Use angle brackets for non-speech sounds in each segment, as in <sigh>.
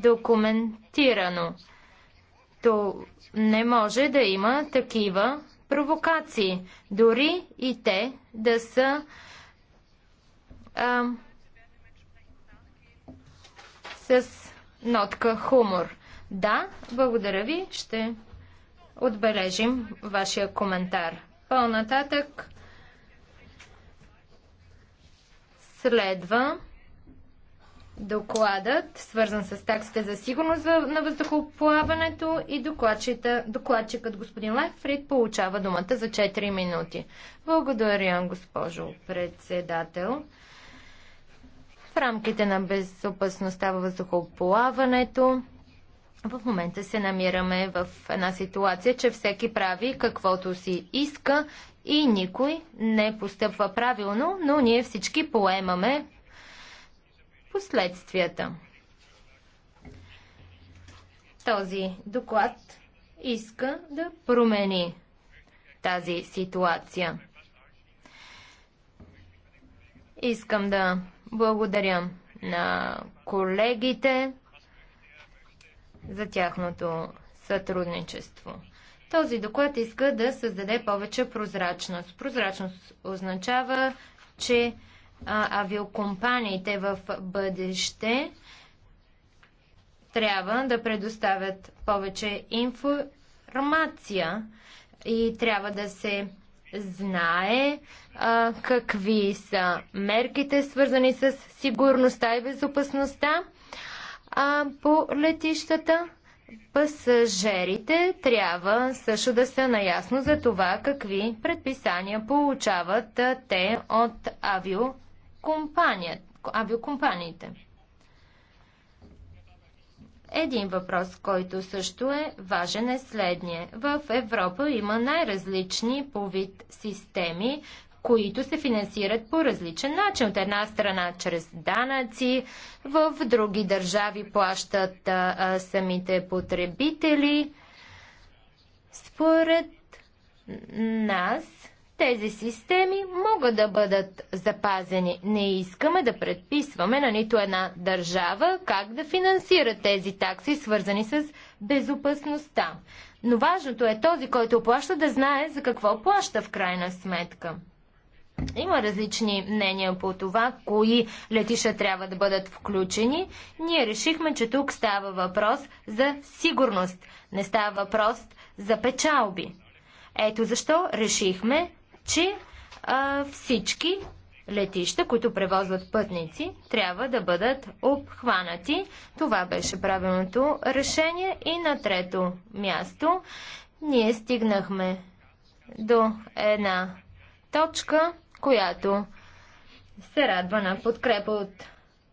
документирано. То не може да има такива провокации, дори и те да са а, с нотка хумор. Да, благодаря ви, ще отбележим вашия коментар. По-нататък следва докладът, свързан с таксите за сигурност на въздухоплаването и докладчикът господин Лайфрид получава думата за 4 минути. Благодаря, госпожо председател. В рамките на безопасността във въздухоплаването в момента се намираме в една ситуация, че всеки прави каквото си иска и никой не постъпва правилно, но ние всички поемаме последствията. Този доклад иска да промени тази ситуация. Искам да благодаря на колегите за тяхното сътрудничество. Този доклад иска да създаде повече прозрачност. Прозрачност означава, че а, авиокомпаниите в бъдеще трябва да предоставят повече информация и трябва да се знае а, какви са мерките, свързани с сигурността и безопасността а, по летищата. Пасажерите трябва също да са наясно за това какви предписания получават те от авио авиокомпаниите. Един въпрос, който също е важен е следния. В Европа има най-различни по вид системи, които се финансират по различен начин. От една страна чрез данъци, в други държави плащат а, а, самите потребители. Според нас тези системи могат да бъдат запазени. Не искаме да предписваме на нито една държава как да финансира тези такси, свързани с безопасността. Но важното е този, който плаща, да знае за какво плаща в крайна сметка. Има различни мнения по това, кои летища трябва да бъдат включени. Ние решихме, че тук става въпрос за сигурност, не става въпрос за печалби. Ето защо решихме че а, всички летища, които превозват пътници, трябва да бъдат обхванати. Това беше правилното решение. И на трето място ние стигнахме до една точка, която се радва на подкрепа от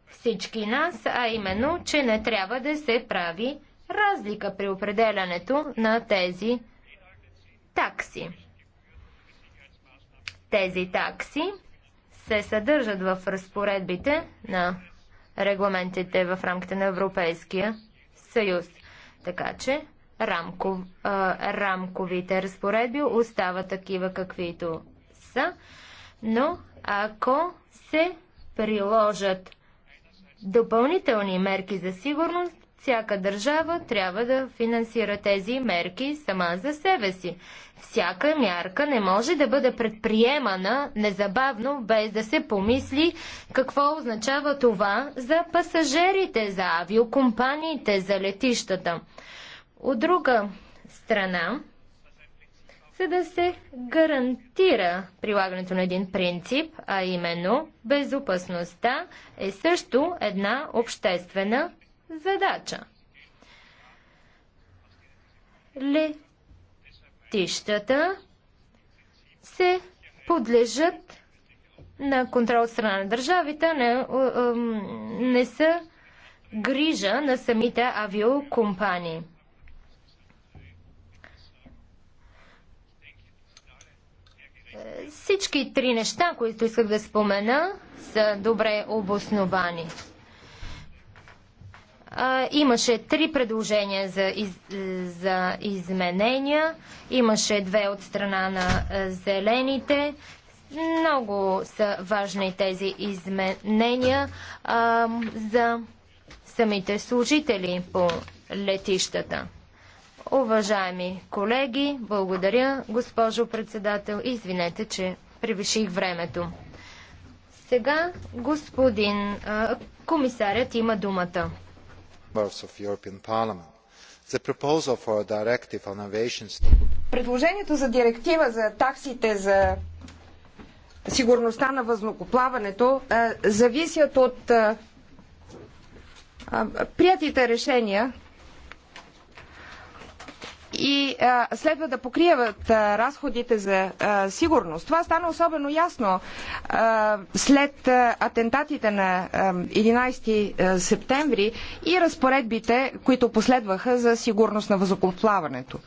всички нас, а именно, че не трябва да се прави разлика при определянето на тези такси. Тези такси се съдържат в разпоредбите на регламентите в рамките на Европейския съюз. Така че рамков, а, рамковите разпоредби остават такива каквито са, но ако се приложат допълнителни мерки за сигурност, всяка държава трябва да финансира тези мерки сама за себе си. Всяка мярка не може да бъде предприемана незабавно, без да се помисли какво означава това за пасажерите, за авиокомпаниите, за летищата. От друга страна, за да се гарантира прилагането на един принцип, а именно безопасността е също една обществена задача. Летищата се подлежат на контрол от страна на държавите, не, не са грижа на самите авиокомпании. Всички три неща, които исках да спомена, са добре обосновани. А, имаше три предложения за, из, за изменения. Имаше две от страна на зелените. Много са важни тези изменения а, за самите служители по летищата. Уважаеми колеги, благодаря, госпожо председател. Извинете, че превиших времето. Сега господин а, комисарят има думата. Предложението за директива за таксите за сигурността на въздухоплаването зависят от приятите решения и а, следва да покриват а, разходите за а, сигурност. Това стана особено ясно а, след а, атентатите на а, 11 септември и разпоредбите, които последваха за сигурност на въздухоплаването.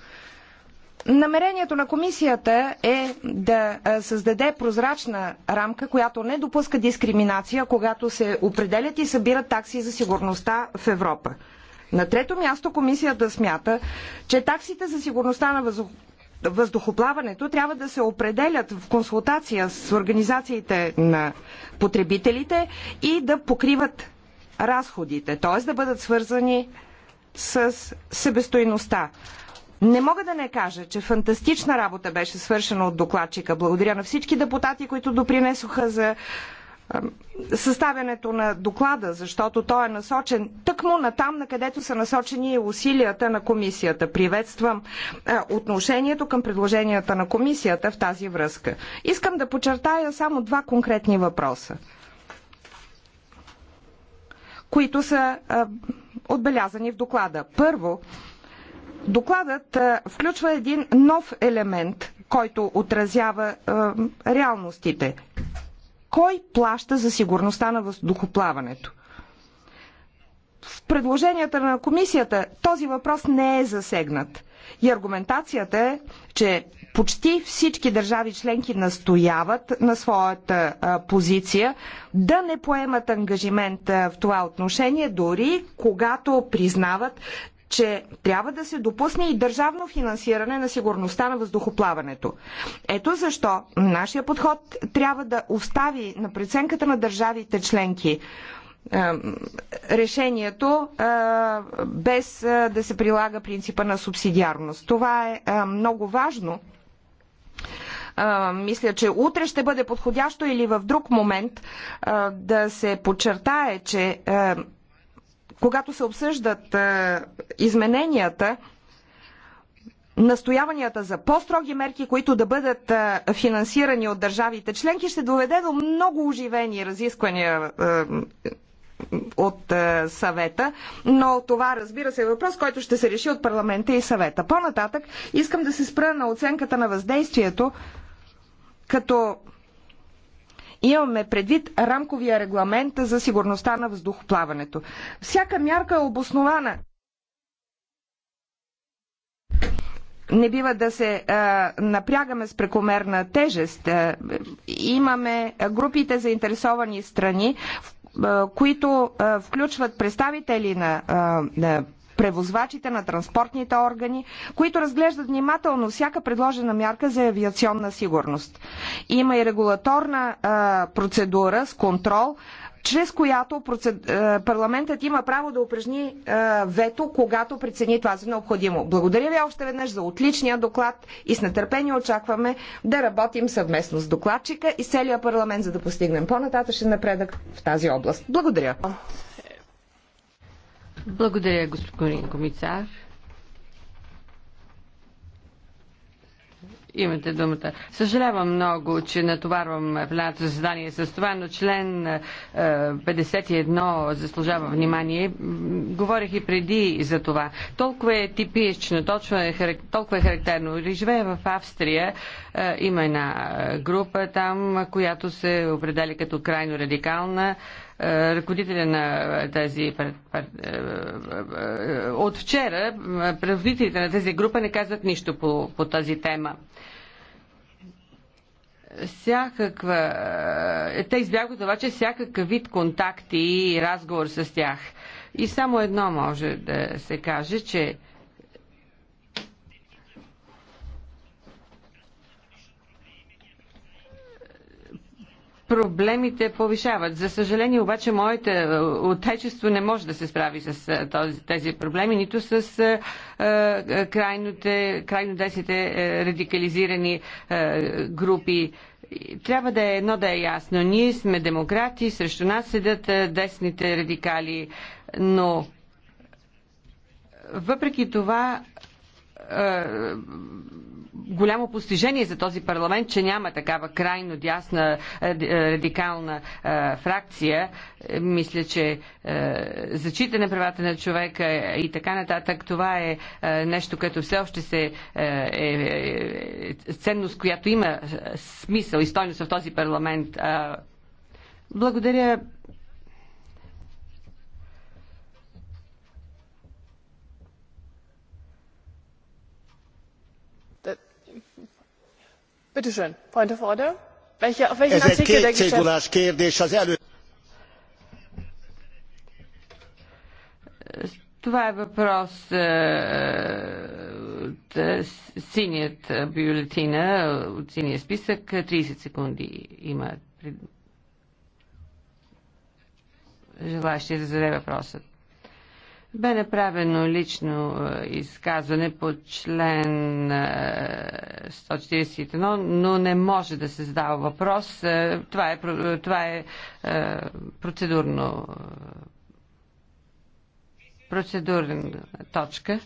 Намерението на комисията е да създаде прозрачна рамка, която не допуска дискриминация, когато се определят и събират такси за сигурността в Европа. На трето място комисията смята, че таксите за сигурността на въздухоплаването трябва да се определят в консултация с организациите на потребителите и да покриват разходите, т.е. да бъдат свързани с себестойността. Не мога да не кажа, че фантастична работа беше свършена от докладчика. Благодаря на всички депутати, които допринесоха за съставянето на доклада, защото той е насочен тъкмо на там, на където са насочени и усилията на комисията. Приветствам отношението към предложенията на комисията в тази връзка. Искам да подчертая само два конкретни въпроса, които са отбелязани в доклада. Първо, Докладът включва един нов елемент, който отразява реалностите. Кой плаща за сигурността на въздухоплаването? В предложенията на комисията този въпрос не е засегнат. И аргументацията е, че почти всички държави членки настояват на своята позиция да не поемат ангажимент в това отношение, дори когато признават, че трябва да се допусне и държавно финансиране на сигурността на въздухоплаването. Ето защо нашия подход трябва да остави на преценката на държавите членки решението без да се прилага принципа на субсидиарност. Това е много важно. Мисля, че утре ще бъде подходящо или в друг момент да се подчертае, че когато се обсъждат е, измененията, настояванията за по-строги мерки, които да бъдат е, финансирани от държавите членки, ще доведе до много оживени разисквания е, от съвета, но това разбира се е въпрос, който ще се реши от парламента и съвета. По-нататък искам да се спра на оценката на въздействието като Имаме предвид рамковия регламент за сигурността на въздухоплаването. Всяка мярка е обоснована. не бива да се а, напрягаме с прекомерна тежест. А, имаме групите заинтересовани страни, в, а, които а, включват представители на, а, на превозвачите, на транспортните органи, които разглеждат внимателно всяка предложена мярка за авиационна сигурност. Има и регулаторна а, процедура с контрол, чрез която парламентът има право да упражни вето, когато прецени това за необходимо. Благодаря ви още веднъж за отличния доклад и с нетърпение очакваме да работим съвместно с докладчика и целия парламент, за да постигнем по-нататъчен напредък в тази област. Благодаря. Благодаря, господин комисар. Имате думата. Съжалявам много, че натоварвам едното заседание с това, но член 51 е, заслужава внимание. Говорих и преди за това. Толкова е типично, точно е, толкова е характерно. Живея в Австрия. Е, има една група там, която се определя като крайно радикална ръководителя на тази от вчера правителите на тази група не казват нищо по, по тази тема всякаква... Те избягват обаче всякакъв вид контакти и разговор с тях. И само едно може да се каже, че проблемите повишават. За съжаление обаче моите е, отечество не може да се справи с е, този, тези проблеми, нито с е, е крайно десните е, радикализирани е, групи. Трябва да е едно да е ясно. Ние сме демократи, срещу нас седят десните радикали, но въпреки това е, голямо постижение за този парламент, че няма такава крайно дясна е, е, радикална фракция. Мисля, че зачитане правата на човека и така нататък, това е нещо, което все още се е ценност, която има смисъл и стойност в този парламент. Благодаря ez egy kétségulás kérdés az előző Това е въпрос е, от е, синият бюлетина, от синия списък. 30 секунди има желащи да зададе въпросът. Бе направено лично е, изказване по член е, 141, но не може да се задава въпрос. Е, това е, това е, е процедурно процедурна точка.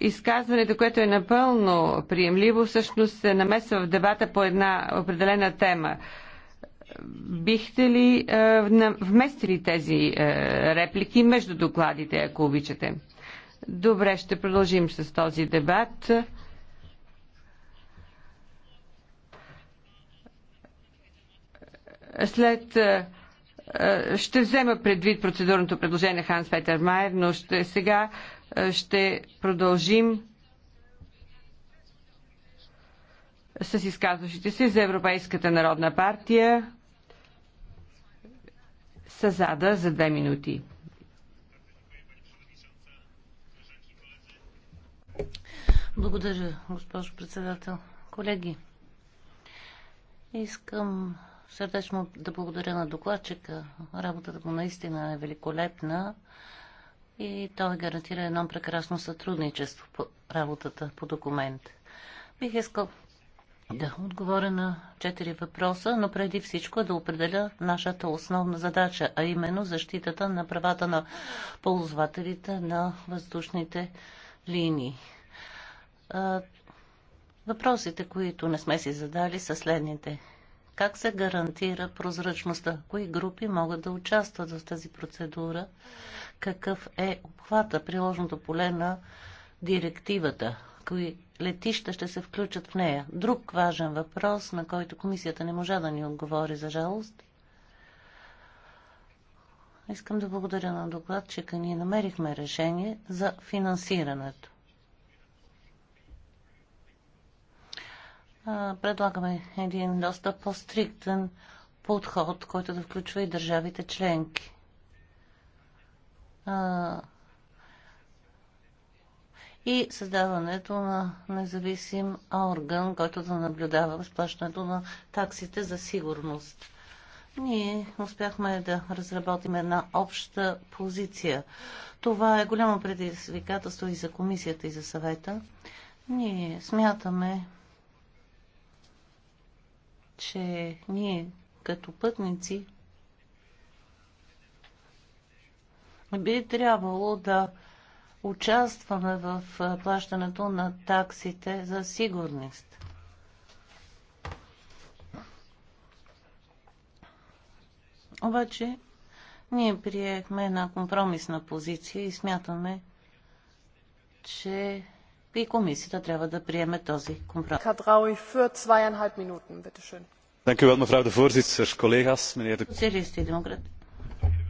Изказването, което е напълно приемливо, всъщност се намесва в дебата по една определена тема. Бихте ли е, вместили тези реплики между докладите, ако обичате? Добре, ще продължим с този дебат. след е, е, ще взема предвид процедурното предложение Ханс Петър Майер, но ще, сега е, ще продължим с изказващите се за Европейската народна партия Сазада за две минути. Благодаря, госпожо председател. Колеги, искам Сърдечно да благодаря на докладчика. Работата му наистина е великолепна и той гарантира едно прекрасно сътрудничество по работата по документ. Бих искал да отговоря на четири въпроса, но преди всичко да определя нашата основна задача, а именно защитата на правата на ползвателите на въздушните линии. Въпросите, които не сме си задали, са следните. Как се гарантира прозрачността? Кои групи могат да участват в тази процедура? Какъв е обхвата, приложното поле на директивата? Кои летища ще се включат в нея? Друг важен въпрос, на който комисията не можа да ни отговори, за жалост. Искам да благодаря на докладчика. Ние намерихме решение за финансирането. предлагаме един доста по-стриктен подход, който да включва и държавите членки. И създаването на независим орган, който да наблюдава разплащането на таксите за сигурност. Ние успяхме да разработим една обща позиция. Това е голямо предизвикателство и за комисията, и за съвета. Ние смятаме, че ние като пътници би трябвало да участваме в плащането на таксите за сигурност. Обаче, ние приехме една компромисна позиция и смятаме, че и комисията трябва да приеме този компромис. Dank u wel, mevrouw de voorzitter, collega's, meneer de... Socialist и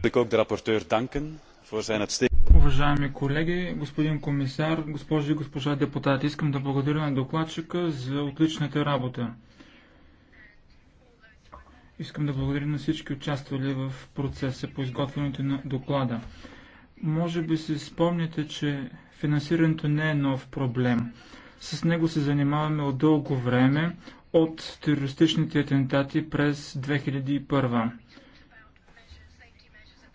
Wil ook de rapporteur danken voor zijn uitstekende... Уважаеми колеги, господин комисар, госпожи и госпожа депутати, искам да благодаря на докладчика за отличната работа. Искам да благодаря на всички участвали в процеса по изготвянето на доклада. Може би си спомняте, че финансирането не е нов проблем. С него се занимаваме от дълго време, от терористичните атентати през 2001.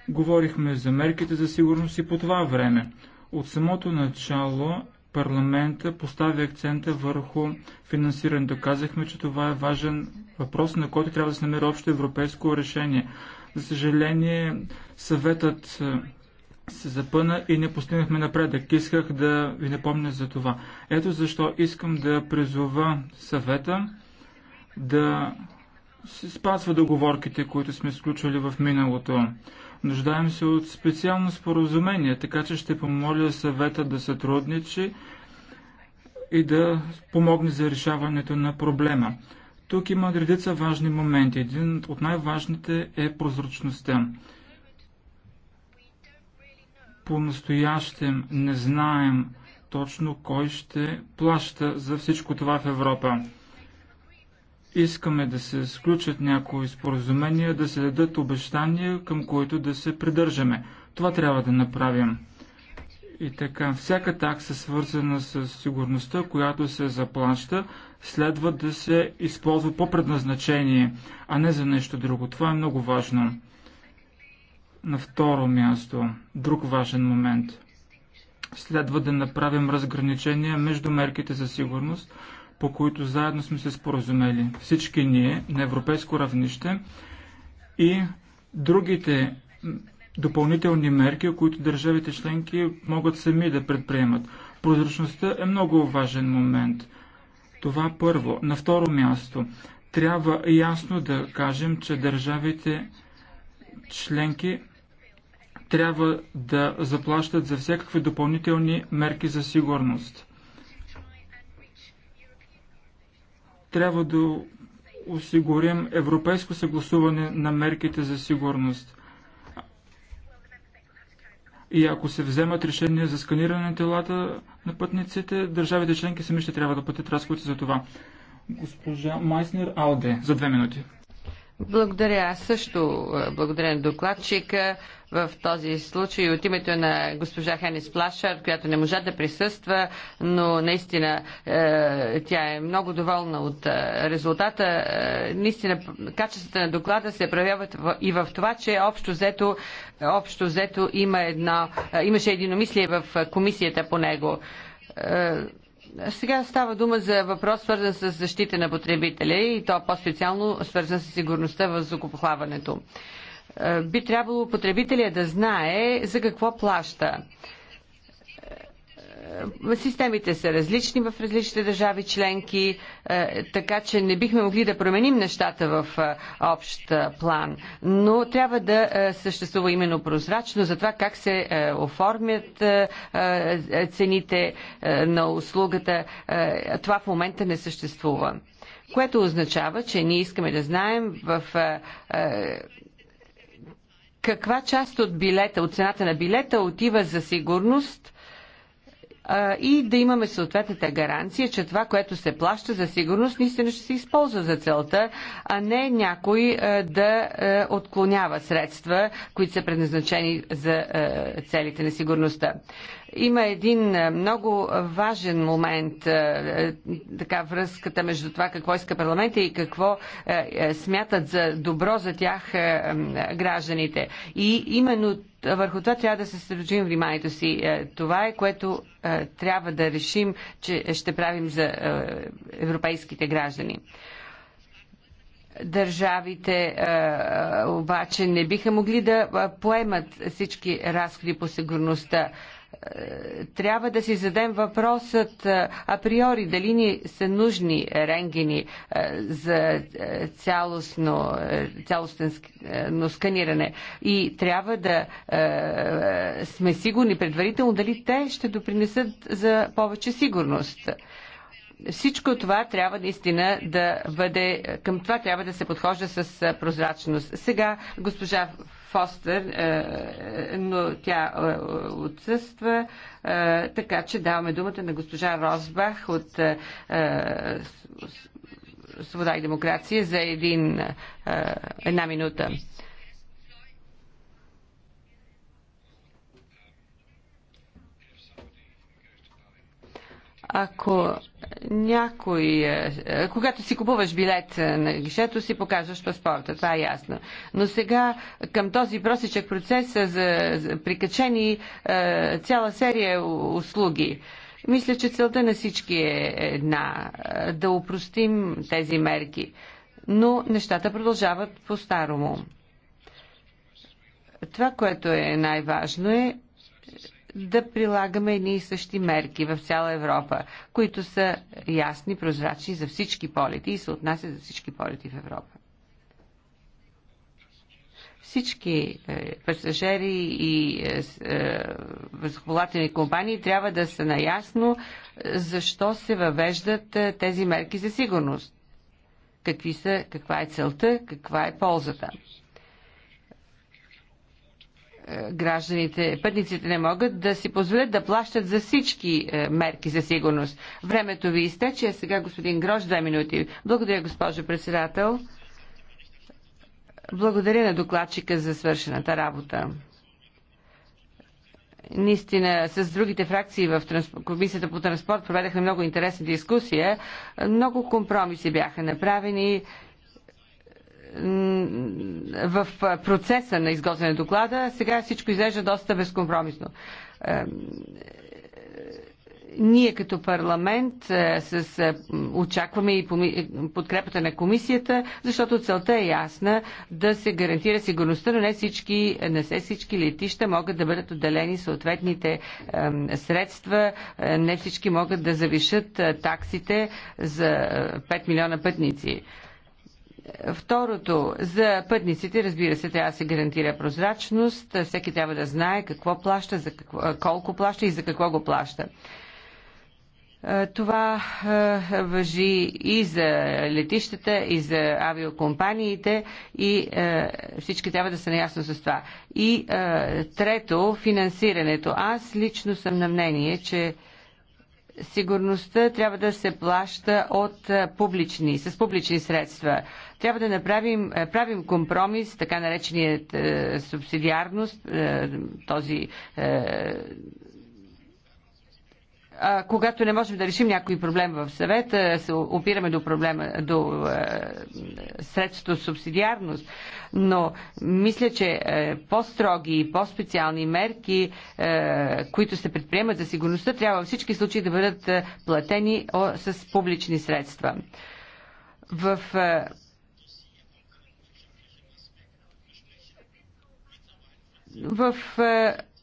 Говорихме за мерките за сигурност и по това време. От самото начало парламента постави акцента върху финансирането. Казахме, че това е важен въпрос, на който трябва да се намери общо европейско решение. За съжаление, съветът се запъна и не постигнахме напредък. Исках да ви напомня за това. Ето защо искам да призова съвета да се спазва договорките, които сме сключвали в миналото. Нуждаем се от специално споразумение, така че ще помоля съвета да сътрудничи и да помогне за решаването на проблема. Тук има редица важни моменти. Един от най-важните е прозрачността. По-настоящем не знаем точно кой ще плаща за всичко това в Европа. Искаме да се сключат някои споразумения, да се дадат обещания, към които да се придържаме. Това трябва да направим. И така, всяка такса, свързана с сигурността, която се заплаща, следва да се използва по предназначение, а не за нещо друго. Това е много важно. На второ място, друг важен момент. Следва да направим разграничение между мерките за сигурност, по които заедно сме се споразумели всички ние на европейско равнище и другите допълнителни мерки, които държавите членки могат сами да предприемат. Прозрачността е много важен момент. Това първо. На второ място, трябва ясно да кажем, че държавите членки трябва да заплащат за всякакви допълнителни мерки за сигурност. Трябва да осигурим европейско съгласуване на мерките за сигурност. И ако се вземат решения за сканиране на телата на пътниците, държавите членки сами ще трябва да платят разходите за това. Госпожа Майснер Алде, за две минути. Благодаря. Аз също е, благодаря на докладчика. В този случай от името на госпожа Хенис Плашар, която не можа да присъства, но наистина е, тя е много доволна от е, резултата. Е, наистина качеството на доклада се проявяват и в това, че общо взето, общо взето има едно, е, имаше единомислие в е, комисията по него. Е, сега става дума за въпрос, свързан с защита на потребителя и то по-специално свързан с сигурността в закупохлаването. Е, би трябвало потребителя да знае за какво плаща е, системите са различни в различните държави членки, е, така че не бихме могли да променим нещата в е, общ план. Но трябва да съществува именно прозрачно за това как се оформят цените на услугата. Това в момента не съществува. Което означава, че ние искаме да знаем в каква част от билета, от цената на билета отива за сигурност и да имаме съответната гаранция, че това, което се плаща за сигурност, наистина ще се използва за целта, а не някой да отклонява средства, които са предназначени за целите на сигурността има един много важен момент, така връзката между това какво иска парламента и какво смятат за добро за тях гражданите. И именно върху това трябва да се съсредоточим вниманието си. Е, това е което е, трябва да решим, че ще правим за е, европейските граждани. Държавите обаче не биха могли да поемат всички разходи по сигурността трябва да си задем въпросът априори дали ни са нужни ренгени за цялостно, цялостно сканиране и трябва да сме сигурни предварително дали те ще допринесат за повече сигурност всичко това трябва наистина да бъде, към това трябва да се подхожда с прозрачност. Сега госпожа Фостер, е, е, но тя е, отсъства, така че даваме думата на госпожа Розбах от Свобода и демокрация за един, една минута. Ако някой, е, е, когато си купуваш билет е, на гишето, си показваш паспорта. Това е ясно. Но сега към този просичък процес са за, за, прикачени цяла серия услуги. Мисля, че целта на всички е една да упростим тези мерки. Но нещата продължават по-старому. Това, което е най-важно е да прилагаме едни и същи мерки в цяла Европа, които са ясни, прозрачни за всички полети и се отнасят за всички полети в Европа. Всички е, пасажери и е, е, възхвалателни компании трябва да са наясно е, защо се въвеждат е, тези мерки за сигурност. Какви са, каква е целта, каква е ползата. Е, гражданите, пътниците не могат да си позволят да плащат за всички е, мерки за сигурност. Времето ви изтече, а сега господин Грош, две минути. Благодаря, госпожо председател. Благодаря на докладчика за свършената работа. Наистина, с другите фракции в Комисията по транспорт проведахме много интересна дискусия. Много компромиси бяха направени в процеса на изготвяне на доклада, сега всичко изглежда доста безкомпромисно. Ние като парламент е, с, е, очакваме и подкрепата на комисията, защото целта е ясна да се гарантира сигурността, но не всички, не все всички летища могат да бъдат отделени съответните средства, е, не всички могат да завишат таксите за 5 милиона пътници. Второто, за пътниците, разбира се, трябва да се гарантира прозрачност. Всеки трябва да знае какво плаща, за какво, колко плаща и за какво го плаща. Това въжи и за летищата, и за авиокомпаниите, и всички трябва да са наясно с това. И трето, финансирането. Аз лично съм на мнение, че сигурността трябва да се плаща от публични, с публични средства. Трябва да направим правим компромис, така нареченият е, субсидиарност, е, този е, а, когато не можем да решим някой проблем в съвета, се опираме до проблема, до а, е, средството субсидиарност. Но мисля, че е, по-строги и по-специални мерки, а, е, които се предприемат за сигурността, трябва във всички случаи да бъдат платени о, с публични средства. В а, в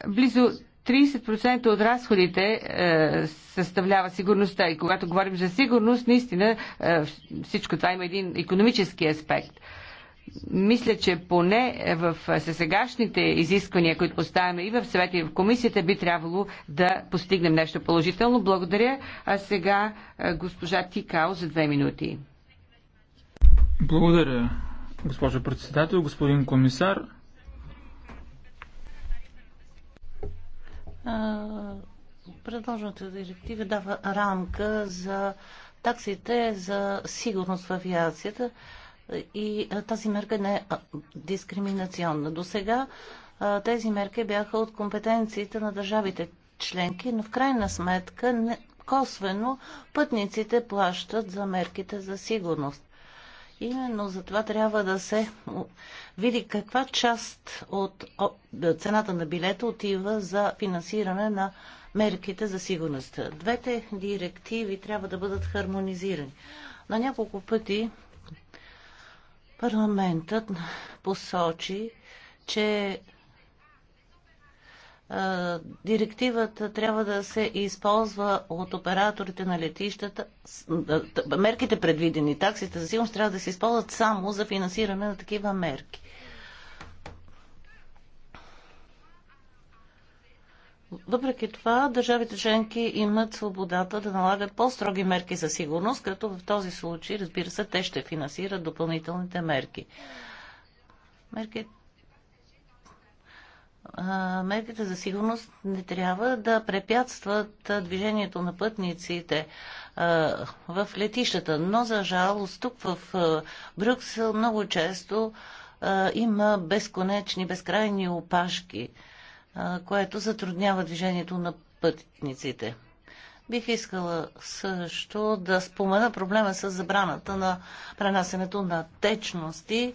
близо 30% от разходите е, съставлява сигурността. И когато говорим за сигурност, наистина е, всичко това има един економически аспект. Мисля, че поне в сегашните изисквания, които поставяме и в съвета, и в комисията, би трябвало да постигнем нещо положително. Благодаря. А сега е, госпожа Тикао за две минути. Благодаря, госпожо председател, господин комисар. Предложената директива дава рамка за таксите за сигурност в авиацията и тази мерка не е дискриминационна. До сега тези мерки бяха от компетенциите на държавите членки, но в крайна сметка косвено пътниците плащат за мерките за сигурност. Именно за това трябва да се види каква част от цената на билета отива за финансиране на мерките за сигурност. Двете директиви трябва да бъдат хармонизирани. На няколко пъти парламентът посочи, че директивата трябва да се използва от операторите на летищата. Мерките предвидени, таксите за сигурност трябва да се използват само за финансиране на такива мерки. Въпреки това, държавите членки имат свободата да налагат по-строги мерки за сигурност, като в този случай, разбира се, те ще финансират допълнителните мерки. Мерките мерките за сигурност не трябва да препятстват движението на пътниците в летищата. Но за жалост тук в Брюксел много често има безконечни, безкрайни опашки, което затруднява движението на пътниците. Бих искала също да спомена проблема с забраната на пренасенето на течности.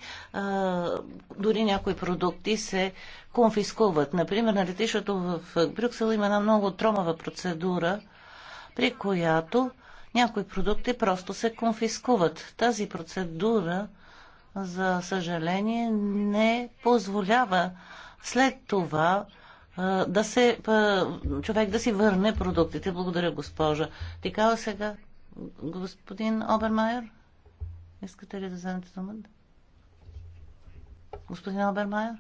Дори някои продукти се конфискуват. Например, на летището в Брюксел има една много тромава процедура, при която някои продукти просто се конфискуват. Тази процедура, за съжаление, не позволява след това да се, човек да си върне продуктите. Благодаря, госпожа. Тикава сега, господин Обермайер, искате ли да вземете думата? Господин Обермайер?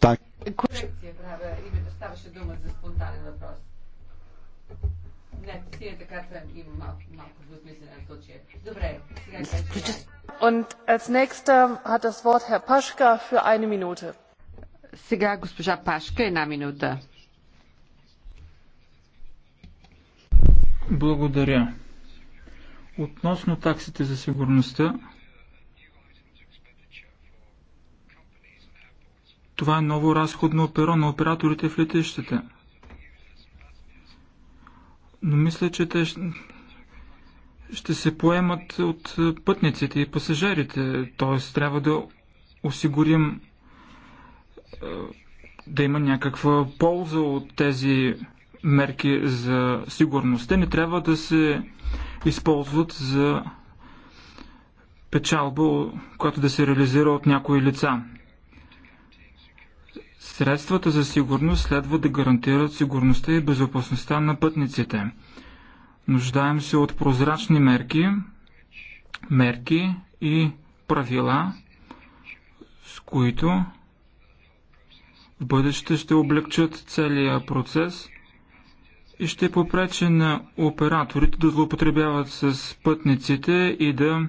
Так. Корекция правя и ми доставаше дума за спонтанен въпрос. Добре, сега Und als nächster hat das Wort Herr Paschka für eine Minute. Сега госпожа Пашка, една минута. Благодаря. Относно таксите за сигурността, това е ново разходно перо на операторите в летещата но мисля, че те ще се поемат от пътниците и пасажирите, т.е. трябва да осигурим е, да има някаква полза от тези мерки за сигурност. Те не трябва да се използват за печалба, която да се реализира от някои лица. Средствата за сигурност следва да гарантират сигурността и безопасността на пътниците. Нуждаем се от прозрачни мерки, мерки и правила, с които в бъдеще ще облегчат целия процес и ще попрече на операторите да злоупотребяват с пътниците и да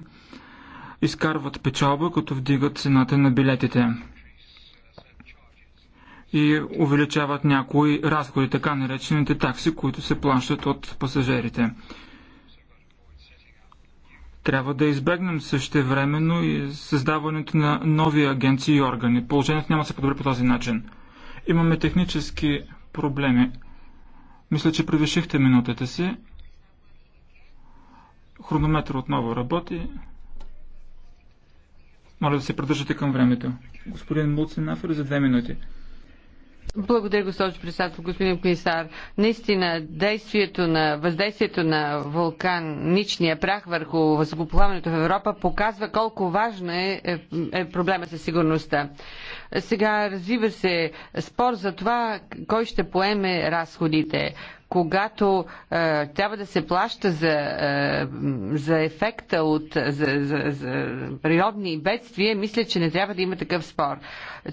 изкарват печалба, като вдигат цената на билетите и увеличават някои разходи, така наречените такси, които се плащат от пасажирите. Трябва да избегнем времено и създаването на нови агенции и органи. Положението няма да се подобри по този начин. Имаме технически проблеми. Мисля, че превишихте минутата си. Хронометър отново работи. Моля да се придържате към времето. Господин Мулцин за две минути. Благодаря, госпожо председател, господин комисар. Наистина, действието на, въздействието на вулканичния прах върху въздухоплаването в Европа показва колко важна е, е, е проблема със сигурността. Сега развива се спор за това кой ще поеме разходите когато е, трябва да се плаща за, е, за ефекта от за, за, за природни бедствия, мисля, че не трябва да има такъв спор.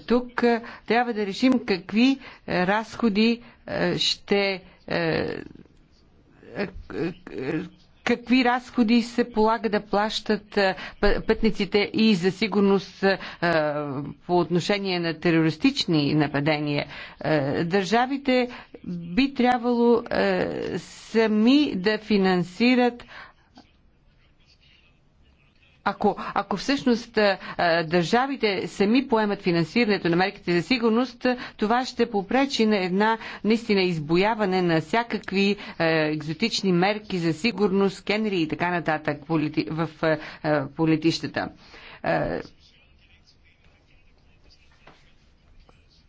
Тук е, трябва да решим какви е, разходи е, ще. Е, е, е какви разходи се полага да плащат пътниците и за сигурност по отношение на терористични нападения. Държавите би трябвало сами да финансират ако, ако всъщност държавите сами поемат финансирането на мерките за сигурност, това ще попречи на една наистина избояване на всякакви екзотични мерки за сигурност, скенери и така нататък в политищата.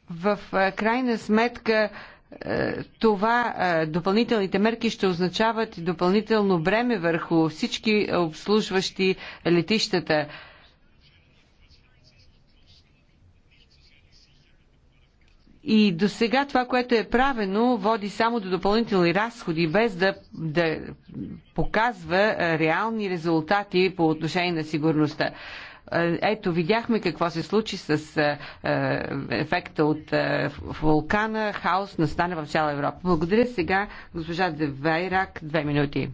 В крайна сметка е, това е, допълнителните мерки ще означават и допълнително бреме върху всички обслужващи летищата. И до сега това, което е правено, води само до допълнителни разходи, без да, да показва е, реални резултати по отношение на сигурността. Е, ето, видяхме какво се случи с е, е, ефекта от вулкана. Хаос настане в цяла Европа. Благодаря сега госпожа Девайрак. Две минути.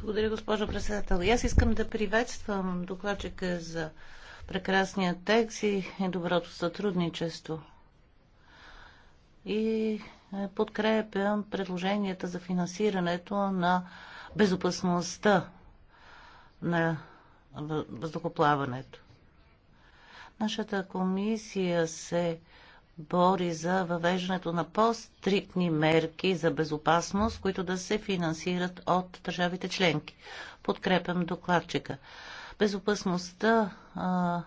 Благодаря, госпожо председател. И аз искам да приветствам докладчика за прекрасния текст и доброто сътрудничество. И подкрепям предложенията за финансирането на безопасността на въздухоплаването. Нашата комисия се бори за въвеждането на по-стриктни мерки за безопасност, които да се финансират от държавите членки. Подкрепям докладчика. Безопасността а,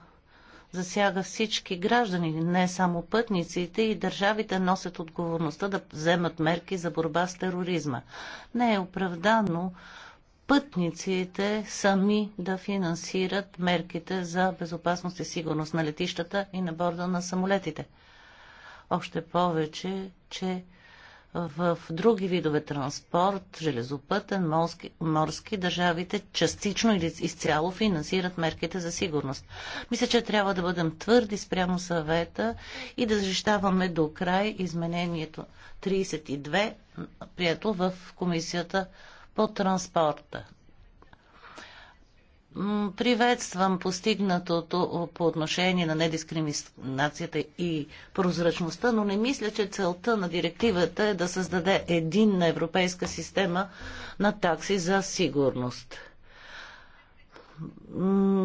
засяга всички граждани, не само пътниците и държавите носят отговорността да вземат мерки за борба с тероризма. Не е оправдано пътниците сами да финансират мерките за безопасност и сигурност на летищата и на борда на самолетите. Още повече, че в други видове транспорт, железопътен, морски, морски държавите частично или изцяло финансират мерките за сигурност. Мисля, че трябва да бъдем твърди спрямо съвета и да защитаваме до край изменението 32, прието в комисията по транспорта. Приветствам постигнатото по отношение на недискриминацията и прозрачността, но не мисля, че целта на директивата е да създаде единна европейска система на такси за сигурност.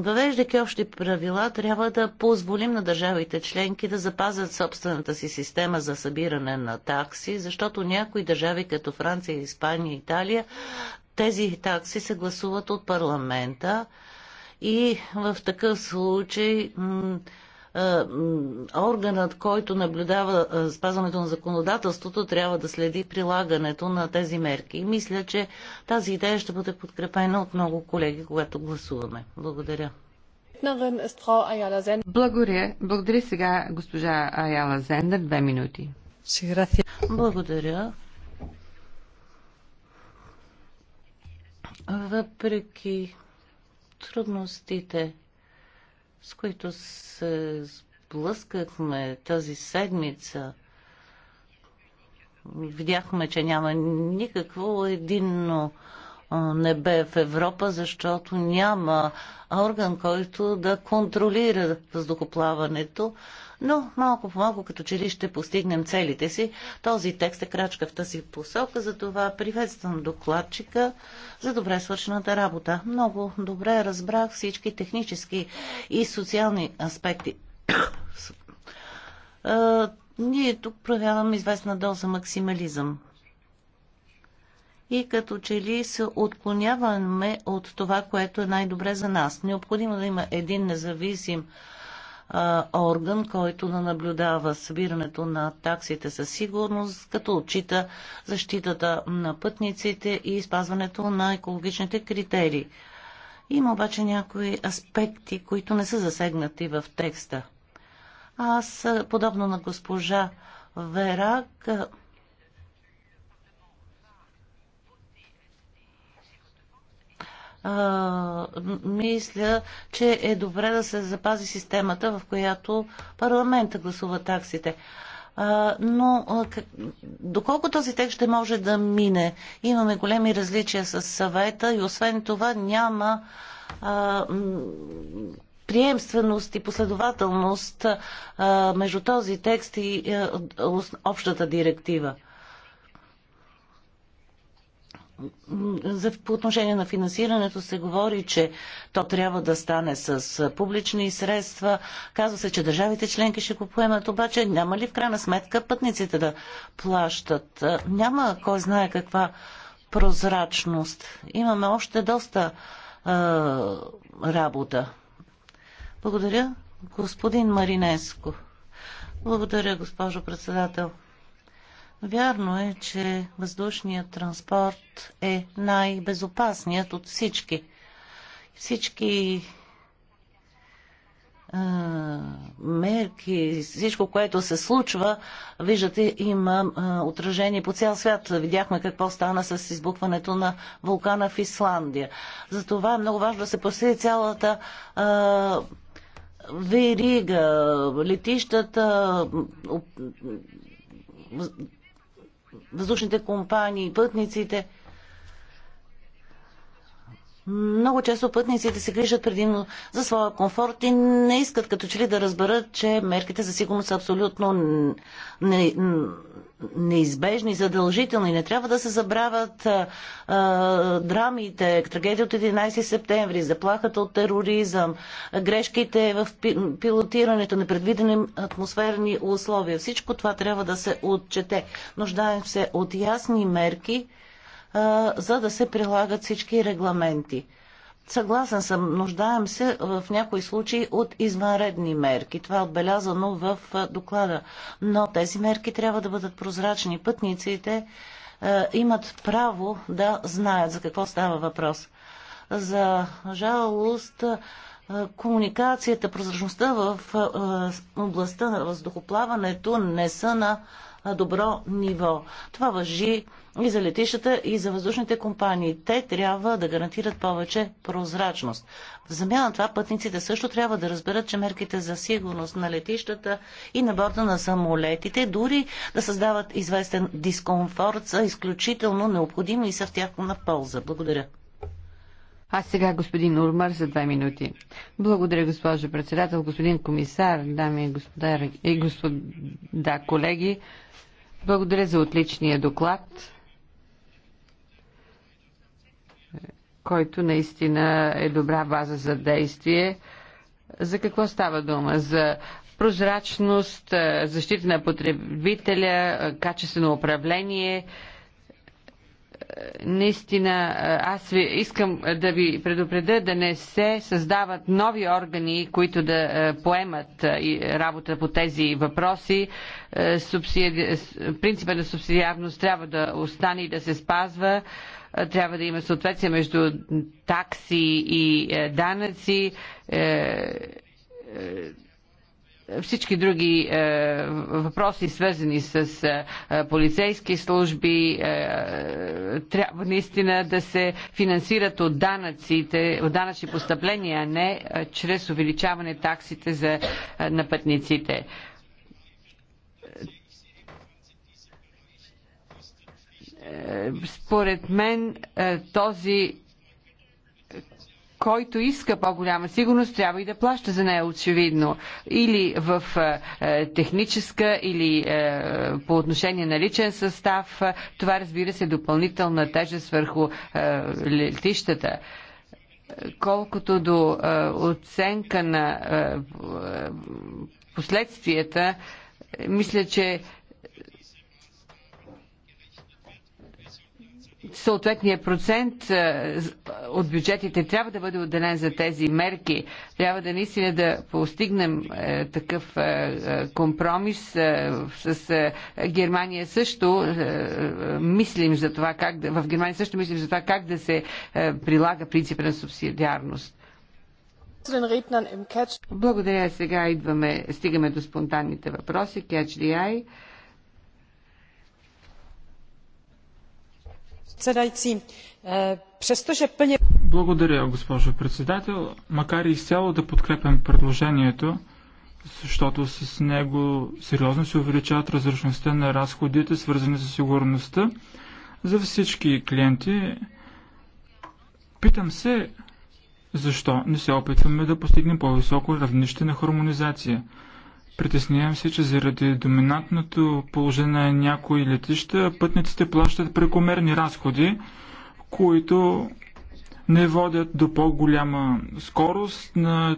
Въвеждайки общи правила, трябва да позволим на държавите членки да запазят собствената си система за събиране на такси, защото някои държави, като Франция, Испания, Италия, тези такси се гласуват от парламента и в такъв случай е, органът, който наблюдава е, спазването на законодателството, трябва да следи прилагането на тези мерки. И мисля, че тази идея ще бъде подкрепена от много колеги, когато гласуваме. Благодаря. Благодаря. Благодаря сега госпожа Аяла Зендер. Две минути. Благодаря. Въпреки трудностите, с които се сблъскахме тази седмица, видяхме, че няма никакво единно небе в Европа, защото няма орган, който да контролира въздухоплаването, но малко по малко, като че ли ще постигнем целите си. Този текст е крачка в тази посока, затова приветствам докладчика за добре свършената работа. Много добре разбрах всички технически и социални аспекти. <coughs> Ние тук проявявам известна доза максимализъм и като че ли се отклоняваме от това, което е най-добре за нас. Необходимо да има един независим а, орган, който да наблюдава събирането на таксите със сигурност, като отчита защитата на пътниците и спазването на екологичните критерии. Има обаче някои аспекти, които не са засегнати в текста. Аз, подобно на госпожа Верак, а, мисля, че е добре да се запази системата, в която парламента гласува таксите. А, но как, доколко този текст ще може да мине? Имаме големи различия с съвета и освен това няма а, приемственост и последователност а, между този текст и а, общата директива за, по отношение на финансирането се говори, че то трябва да стане с публични средства. Казва се, че държавите членки ще го поемат, обаче няма ли в крайна сметка пътниците да плащат? Няма кой знае каква прозрачност. Имаме още доста е, работа. Благодаря, господин Маринеско. Благодаря, госпожо председател. Вярно е, че въздушният транспорт е най-безопасният от всички. Всички а, мерки, всичко, което се случва, виждате, има а, отражение по цял свят. Видяхме какво стана с избухването на вулкана в Исландия. Затова е много важно да се посети цялата а, верига, летищата, въздушните компании, пътниците – много често пътниците се грижат предимно за своя комфорт и не искат като че ли да разберат, че мерките за сигурност са абсолютно не, неизбежни, задължителни. Не трябва да се забравят а, драмите, трагедия от 11 септември, заплахата от тероризъм, грешките в пилотирането, непредвидени атмосферни условия. Всичко това трябва да се отчете. Нуждаем се от ясни мерки, за да се прилагат всички регламенти. Съгласен съм, нуждаем се в някои случаи от извънредни мерки. Това е отбелязано в доклада. Но тези мерки трябва да бъдат прозрачни. Пътниците е, имат право да знаят за какво става въпрос. За жалост, е, комуникацията, прозрачността в е, областта на въздухоплаването не са на добро ниво. Това въжи и за летищата, и за въздушните компании. Те трябва да гарантират повече прозрачност. В замяна това пътниците също трябва да разберат, че мерките за сигурност на летищата и на борда на самолетите, дори да създават известен дискомфорт, са изключително необходими и са в тяхна полза. Благодаря. А сега господин Урмар за две минути. Благодаря, госпожо председател, господин комисар, дами и господа, и господа колеги. Благодаря за отличния доклад. който наистина е добра база за действие. За какво става дума? За прозрачност, защита на потребителя, качествено управление, наистина аз ви, искам да ви предупредя да не се създават нови органи, които да поемат работа по тези въпроси. Принципа на субсидиарност трябва да остане и да се спазва. Трябва да има съответствие между такси и данъци е, е, всички други е, въпроси, свързани с е, полицейски служби, е, трябва наистина да се финансират от данъците, от данъчни постъпления, а не е, чрез увеличаване таксите за, е, на пътниците. Е, според мен е, този който иска по-голяма сигурност, трябва и да плаща за нея, очевидно. Или в е, е, техническа, или е, по отношение на личен състав. Това, разбира се, допълнителна тежест върху летищата колкото до е, оценка на е, последствията, мисля, че съответния процент е, от бюджетите трябва да бъде отделен за тези мерки. Трябва да наистина да постигнем е, такъв е, компромис с Германия също. Мислим за това как да, в Германия също мислим за това как да се прилага принципа на субсидиарност. Благодаря. Сега идваме, стигаме до спонтанните въпроси. Catch the eye. Eh, Благодаря, госпожо председател. Макар и изцяло да подкрепям предложението, защото с него сериозно се увеличават разрушността на разходите, свързани с сигурността за всички клиенти. Питам се, защо не се опитваме да постигнем по-високо равнище на хармонизация. Притеснявам се, че заради доминантното положение на някои летища, пътниците плащат прекомерни разходи, които не водят до по-голяма скорост на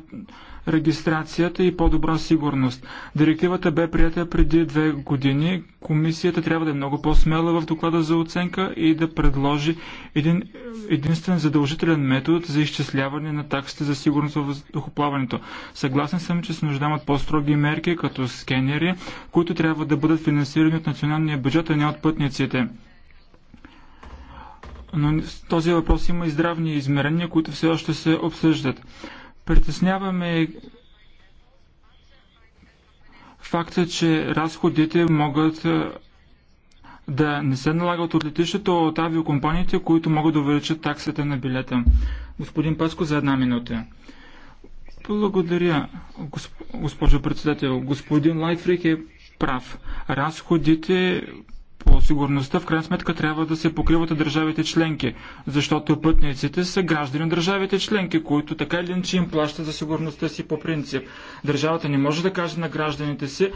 регистрацията и по-добра сигурност. Директивата бе прията преди две години. Комисията трябва да е много по-смела в доклада за оценка и да предложи един единствен задължителен метод за изчисляване на таксите за сигурност в въздухоплаването. Съгласен съм, че се нуждаем от по-строги мерки, като скенери, които трябва да бъдат финансирани от националния бюджет, а не от пътниците но този въпрос има и здравни измерения, които все още се обсъждат. Притесняваме факта, че разходите могат да не се налагат от летището, а от авиокомпаниите, които могат да увеличат таксата на билета. Господин Паско, за една минута. Благодаря, госпожо председател. Господин Лайтфрик е прав. Разходите по сигурността в крайна сметка трябва да се покриват от държавите членки, защото пътниците са граждани на държавите членки, които така или иначе им плащат за сигурността си по принцип. Държавата не може да каже на гражданите си,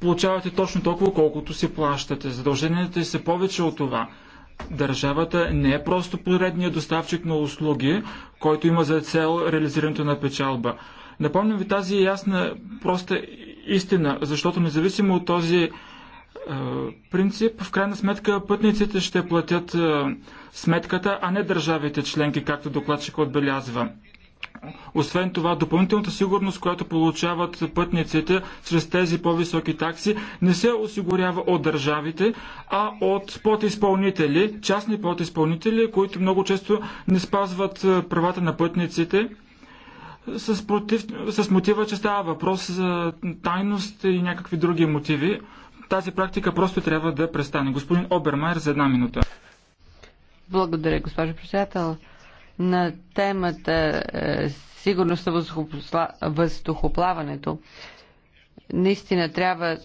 получавате точно толкова, колкото си плащате. Задълженията са повече от това. Държавата не е просто поредният доставчик на услуги, който има за цел реализирането на печалба. Напомням ви тази е ясна, проста истина, защото независимо от този е, принцип, в крайна сметка пътниците ще платят е, сметката, а не държавите членки, както докладчика отбелязва. Освен това, допълнителната сигурност, която получават пътниците чрез тези по-високи такси, не се осигурява от държавите, а от подизпълнители, частни подизпълнители, които много често не спазват е, правата на пътниците с, против, с мотива, че става въпрос за тайност и някакви други мотиви. Тази практика просто трябва да престане. Господин Обермайер за една минута. Благодаря, госпожо председател. На темата е, сигурност на въздухоплаването наистина трябва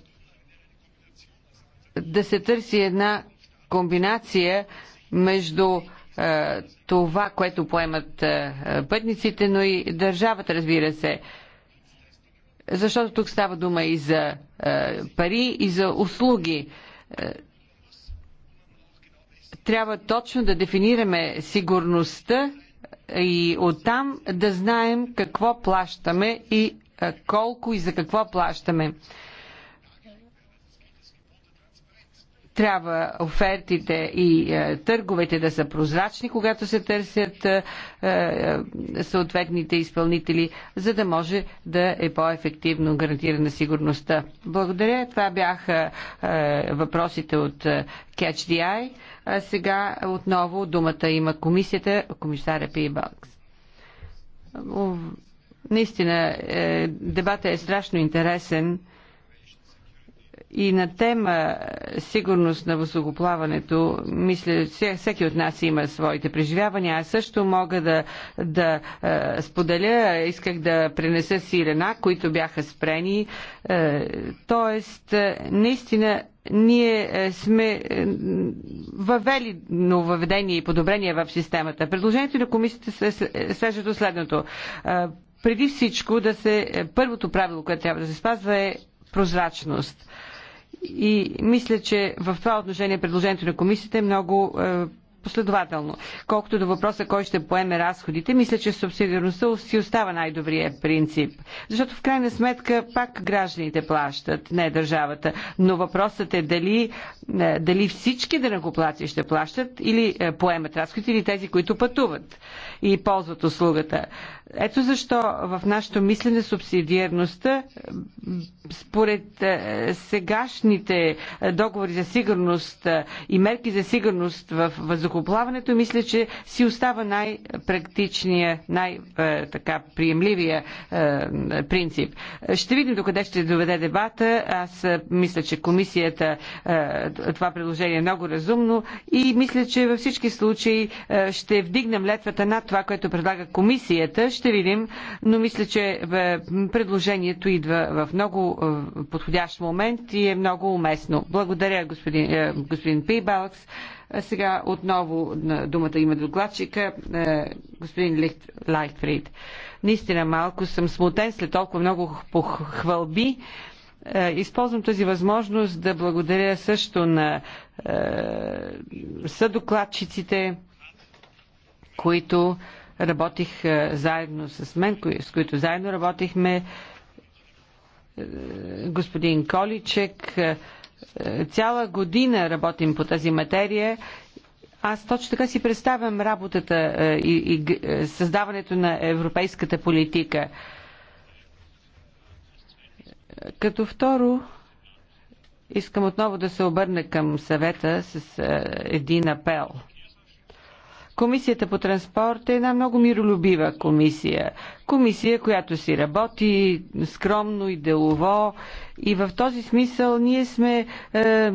да се търси една комбинация между е, това, което поемат е, пътниците, но и държавата, разбира се защото тук става дума и за е, пари, и за услуги е, трябва точно да дефинираме сигурността е, и оттам да знаем какво плащаме и колко и за какво плащаме. Трябва офертите и е, търговете да са прозрачни, когато се търсят е, е, съответните изпълнители, за да може да е по-ефективно гарантирана сигурността. Благодаря. Това бяха въпросите от Catch the Eye. А сега отново думата има комисията, комисаря Пибалкс. Наистина, дебата е страшно интересен. И на тема е, сигурност на въздухоплаването, мисля, всеки от нас има своите преживявания. Аз също мога да, да е, споделя, исках да принеса сирена, които бяха спрени. Е, тоест, е, наистина ние е, сме въвели нововведение и подобрение в системата. Предложението на комисията се до следното. Преди всичко да се, първото правило, което трябва да се спазва е прозрачност и мисля, че в това отношение предложението на комисията е много е, последователно. Колкото до въпроса кой ще поеме разходите, мисля, че субсидиарността си остава най-добрия принцип. Защото в крайна сметка пак гражданите плащат, не държавата. Но въпросът е дали, е, дали всички денакоплаци ще плащат или е, поемат разходите, или тези, които пътуват и ползват услугата. Ето защо в нашето мислене субсидиарността според е, сегашните е, договори за сигурност е, и мерки за сигурност в въздухоплаването, мисля, че си остава най-практичния, най-приемливия принцип. Ще видим докъде ще доведе дебата. Аз мисля, че комисията това предложение е много разумно и мисля, че във всички случаи ще вдигнем летвата над това, което предлага комисията ще видим, но мисля, че е, предложението идва в много е, подходящ момент и е много уместно. Благодаря, господин, е, господин Пейбалкс. Сега отново на думата има докладчика, господин Лихт, Лайтфрид. Наистина малко съм смутен след толкова много похвалби. Използвам тази възможност да благодаря също на съдокладчиците, които работих е, заедно с мен, с които заедно работихме, е, господин Количек. Е, цяла година работим по тази материя. Аз точно така си представям работата и, и създаването на европейската политика. Като второ, искам отново да се обърна към съвета с един апел – Комисията по транспорт е една много миролюбива комисия, комисия, която си работи скромно и делово. И в този смисъл ние сме, е, е,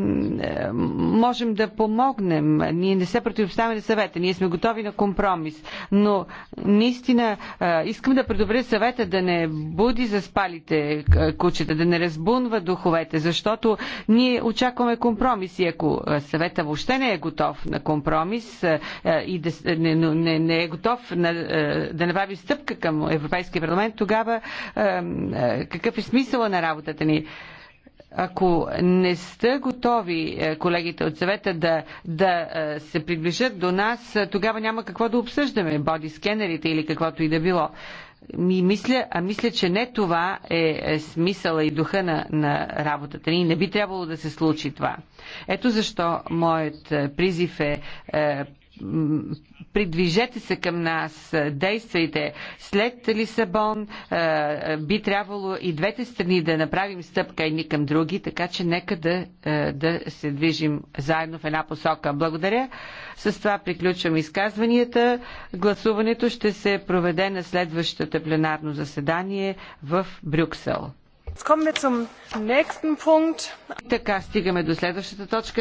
можем да помогнем. Ние не се противопоставяме на съвета, ние сме готови на компромис. Но наистина е, искам да предобря съвета да не буди за спалите е, кучета, да не разбунва духовете, защото ние очакваме компромис. И ако е, съвета въобще не е готов на компромис е, и да, не, не, не е готов на, е, да направи стъпка към Европа, Европейския парламент, тогава какъв е смисъла на работата ни? Ако не сте готови е, колегите от съвета да, да е, се приближат до нас, е, тогава няма какво да обсъждаме боди скенерите или каквото и да било. Ми мисля, а мисля, че не това е смисъла и духа на, на работата ни. Не би трябвало да се случи това. Ето защо моят призив е, е придвижете се към нас, действайте. След Лисабон е, би трябвало и двете страни да направим стъпка едни към други, така че нека да, е, да се движим заедно в една посока. Благодаря. С това приключвам изказванията. Гласуването ще се проведе на следващото пленарно заседание в Брюксел. Така стигаме до следващата точка.